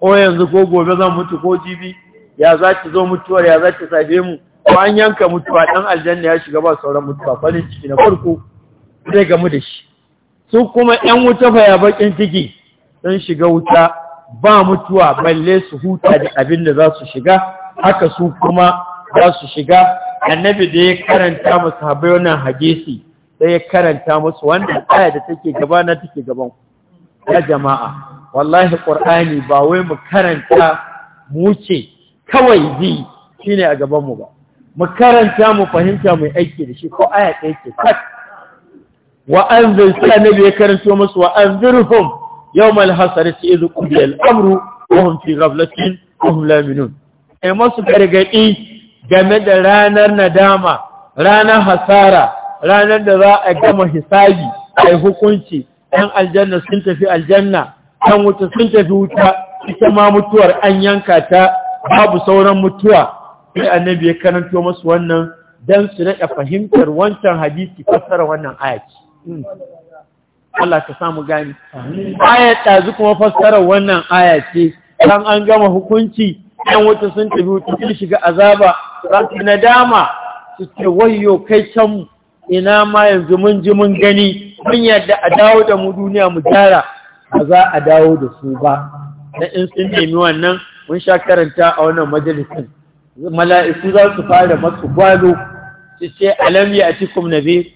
A: ko yanzu ko gobe zan mutu ko jibi ya za ki zo mutuwar ya za ki mu cewa an yanka mutuwa ɗan aljanna ya shiga ba sauran mutuwa farin ciki na farko zai gamu da shi su kuma yan wuta ba ya bakin ciki don shiga wuta ba mutuwa balle su huta da abin da za su shiga haka su kuma za su shiga annabi da ya karanta masu habai wannan hadisi sai ya karanta masu wannan aya da take gaba na take gaban ya jama'a wallahi qur'ani ba wai mu karanta mu ce kawai shi shine a gaban mu ba mu karanta mu fahimta mai aiki da shi ko aya ɗaya ce kat wa an zai sai ya karanto musu wa an zirhum yawmal hasarati idh qudiya al-amru wa hum fi ghaflatin wa hum la ai masu gargadi game da ranar nadama ranar hasara ranar da za a gama hisabi ai hukunci ɗan aljanna sun tafi aljanna ɗan wuta sun tafi wuta ita ma mutuwar an yanka ta babu sauran mutuwa sai annabi ya karanto masu wannan don su daɗa fahimtar wancan hadisi fassara wannan ayaki hmm. Allah ka samu gani ayat ɗazu kuma fassara wannan ayaki kan an gama hukunci ɗan wata sun tafi wuta sun shiga azaba za su nadama su ce wayo kai can ina ma yanzu mun ji mun gani mun yadda a dawo da mu duniya mu gyara ba za a dawo da su ba na in sun nemi wannan mun sha karanta a wannan majalisin mala'iku za su fara masu gwado su ce alam a cikin nabi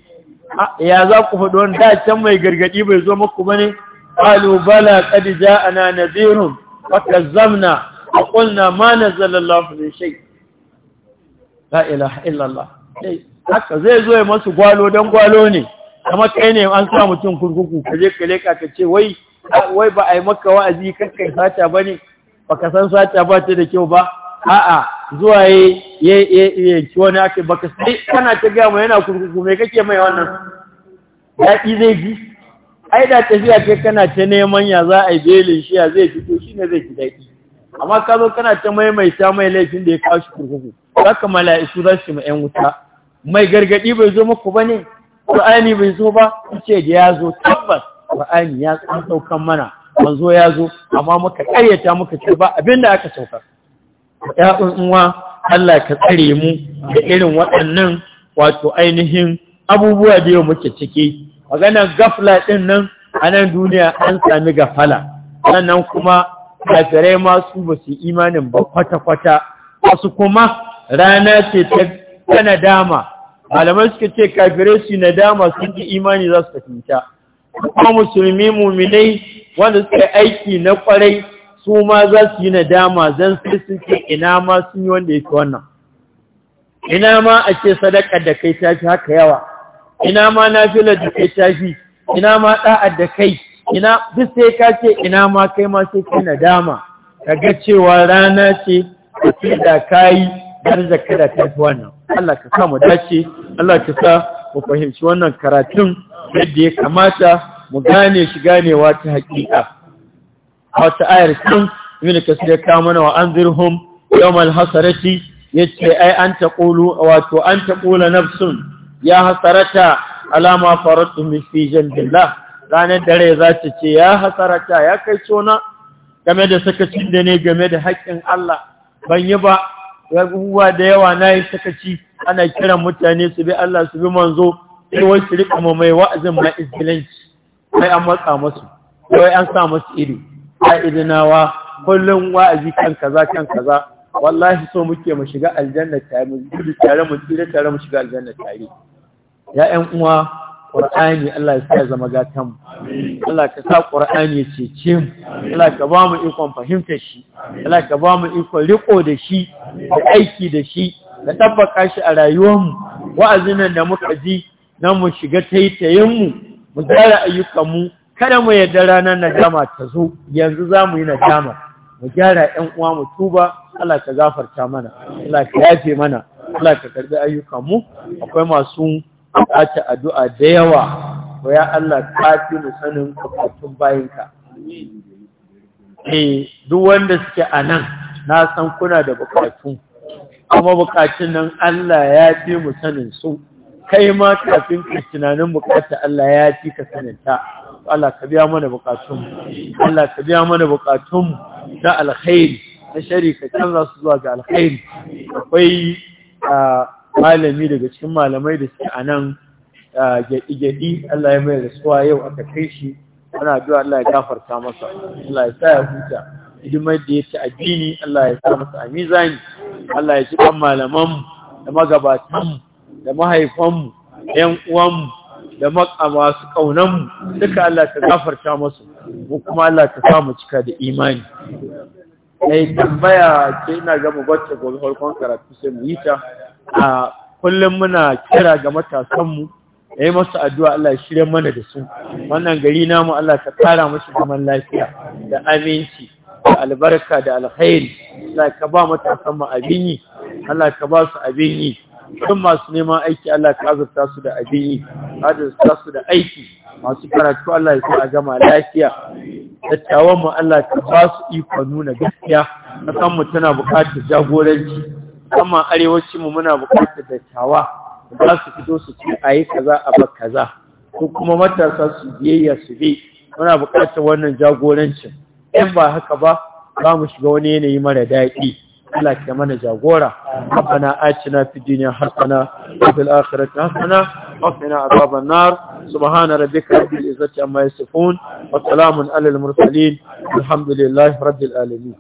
A: ya za ku faɗi wani da mai gargaɗi bai zo maku bane qalu a na nazirun nadhirun zamna a ƙulna ma na Allahu min shai. la ilaha illa haka zai zo ya masu gwalo don gwalo ne amma kai ne an sa mutum kurkuku Ka je ka ka ce wai ba a yi maka wa'azi kakkai sata ba ne baka san sata ba ta da kyau ba a'a zuwa ya wani ake baka sai kana ta gama yana kurkuku mai kake mai wannan Yaƙi zai ji ai da tafiya ce kana ta neman ya za a yi belin shi ya zai fito shi ne zai fi daɗi amma ka zo kana ta maimaita mai laifin da ya kawo shi kurkuku za ka mala'isu za su ma 'yan wuta mai gargaɗi bai zo muku ba ne ƙur'ani bai zo ba ce da ya zo tabbas ƙur'ani ya tsan saukan mana wanzo ya zo amma muka ƙaryata muka ce ba abinda aka saukar ‘ya'un uwa Allah ka tsare mu da irin waɗannan wato ainihin abubuwa da yau muke ciki maganar gafla ɗin nan a nan duniya an sami gafala sannan kuma kafirai masu ba su imanin ba kwata-kwata wasu kuma rana ce ta nadama malamai suka ce kafirai su nadama sun ji imani za su tafi kuma musulmi muminai wanda suka aiki na kwarai su ma za su yi nadama zan sai sun ce ina ma sun yi wanda ya ce wannan ina ma a ce sadaka da kai ta fi haka yawa ina ma na nafilar da kai ta ina ma ɗa'a da kai ina duk sai ka ce ina ma kai ma sai kai nadama ga cewa rana ce fi da kai darzaka da fi wannan Allah ka sa mu dace Allah ka sa mu fahimci wannan karatun yadda ya kamata mu gane shi ganewa ta haƙiƙa a wata ayar kan mini kasu ya kawo mana wa anzirhum yawmal hasarati ce ai an taqulu wato an na nafsun ya hasarata alama faratu fi jannatillah ranar dare za ta ce ya hasarata ya kai cona game da sakacin da ne game da haƙƙin Allah ban yi ba abubuwa da yawa na yi sakaci ana kiran mutane su bi Allah su bi manzo sai wai su mai wa'azin ma sai an matsa masu sai an sa masu iri ka'idinawa kullum wa'azi kan kaza kan kaza wallahi so muke mu shiga aljanna tare mu gudu tare mu tsira tare mu shiga aljanna tare ya ƴan uwa Qur'ani Allah ya sa zama gatan mu Allah ka sa Qur'ani ya cece mu Allah ka ba mu ikon fahimta shi Allah ka ba mu ikon riko da shi da aiki da shi da tabbaka shi a rayuwar mu wa'azin nan da muka ji nan mu shiga taitayen mu mu tsara ayyukan mu kada mu yadda ranar najama ta zo yanzu za mu yi najama mu gyara ‘yan uwa mu tuba Allah ka gafarta mana Allah ka yafe mana Allah ka karbi ayyukan mu akwai masu buƙatar addu'a da yawa ko ya Allah ka fi mu sanin bukatun bayinka eh duk wanda suke a nan na san kuna da bukatu kuma bukatun nan Allah ya fi mu sanin su kai ma kafin ka tunanin bukatar Allah ya ci ka sananta Allah ka biya mana bukatunmu Allah ka biya mana bukatunmu na alkhairi na shari ka canza su zuwa ga alkhairi akwai malami daga cikin malamai da suke a nan gyaɗi-gyaɗi Allah ya mai rasuwa yau aka kai shi ana addu'a Allah ya gafarta masa Allah ya sa ya huta hidimar da ya ci addini Allah ya sa masa a mizani Allah ya ci kan malamanmu da mu. da mahaifanmu ‘yan uwanmu da masu ƙaunanmu duka Allah ta gafarta masu mu kuma Allah ta samu cika da imani ai tambaya ce ina gama bacci gobe farkon karatu sai mu yi ta a kullum muna kira ga matasanmu ya yi masu addu'a Allah shirya mana da su wannan gari namu Allah ta kara masu zaman lafiya da aminci da albarka da alkhairi Allah ka ba matasan mu abin yi Allah ka ba su abin yi don masu neman aiki Allah ka azurta su da abin azurta su da aiki masu karatu Allah ya a gama lafiya dattawan mu Allah ka ba su iko nuna gaskiya kasan mu tana bukatar jagoranci amma arewacin mu muna buƙatar dattawa za su fito su ce a yi kaza a bar kaza ko kuma matasa su biyayya su bi muna bukatar wannan jagorancin in ba haka ba za mu shiga wani yanayi mara daɗi Allah ke mana jagora rabbana atina fid dunya hasana wa fil akhirati hasana wa qina adhaban nar subhana rabbika rabbil izzati amma yasifun wa salamun alal mursalin alhamdulillahi rabbil alamin